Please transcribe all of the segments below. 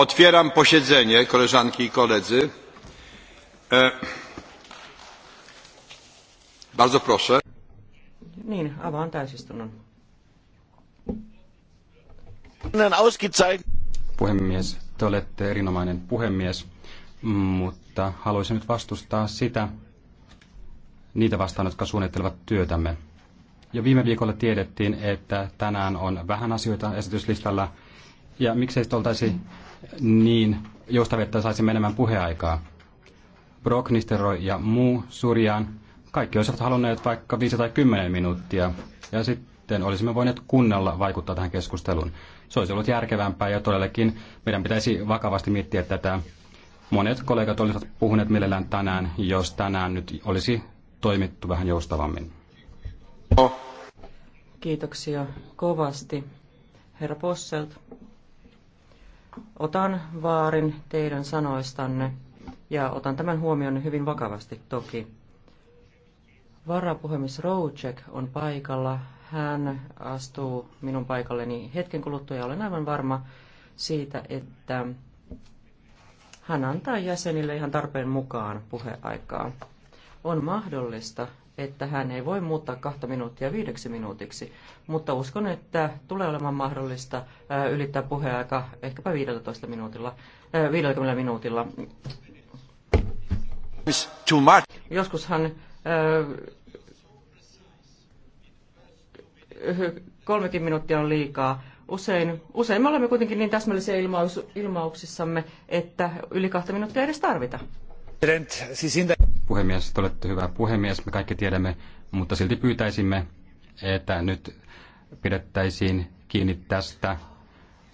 otwieram posiedzenie koleżanki i koledzy e, bardzo proszę niin avaan täysistunnon puhemies te olette erinomainen puhemies mutta haluaisin nyt vastustaa sitä niitä vastaan jotka suunnittelevat työtämme jo viime viikolla tiedettiin että tänään on vähän asioita esityslistalla ja miksei sitten oltaisi niin joustavia, että saisimme enemmän puheaikaa. Brock, Nisteroi ja muu Surjaan, kaikki olisivat halunneet vaikka 5 tai 10 minuuttia. Ja sitten olisimme voineet kunnolla vaikuttaa tähän keskusteluun. Se olisi ollut järkevämpää ja todellakin meidän pitäisi vakavasti miettiä tätä. Monet kollegat olisivat puhuneet mielellään tänään, jos tänään nyt olisi toimittu vähän joustavammin. Kiitoksia kovasti, herra Posselt. Otan vaarin teidän sanoistanne ja otan tämän huomioon hyvin vakavasti toki. Varapuhemies Rouchek on paikalla. Hän astuu minun paikalleni hetken kuluttua ja olen aivan varma siitä, että hän antaa jäsenille ihan tarpeen mukaan puheaikaa. On mahdollista, että hän ei voi muuttaa kahta minuuttia viideksi minuutiksi, mutta uskon, että tulee olemaan mahdollista ylittää puheaika ehkäpä 15 minuutilla, 50 minuutilla. Joskushan kolmekin minuuttia on liikaa. Usein, usein me olemme kuitenkin niin täsmällisiä ilmaus, ilmauksissamme, että yli kahta minuuttia ei edes tarvita. Siis puhemies, te olette hyvä puhemies, me kaikki tiedämme, mutta silti pyytäisimme, että nyt pidettäisiin kiinni tästä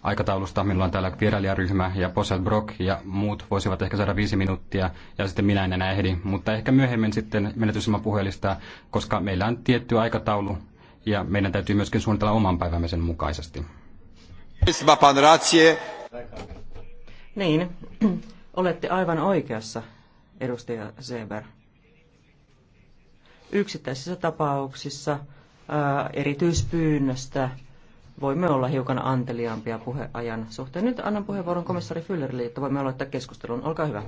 aikataulusta. Minulla on täällä vierailijaryhmä ja Posel Brock ja muut voisivat ehkä saada viisi minuuttia ja sitten minä en enää ehdi. Mutta ehkä myöhemmin sitten menetysimä puhelista, koska meillä on tietty aikataulu ja meidän täytyy myöskin suunnitella oman päivämme sen mukaisesti. Niin, olette aivan oikeassa edustaja Zeber. Yksittäisissä tapauksissa ää, erityispyynnöstä voimme olla hiukan anteliaampia puheajan suhteen. Nyt annan puheenvuoron komissari Füllerille, jotta voimme aloittaa keskustelun. Olkaa hyvä.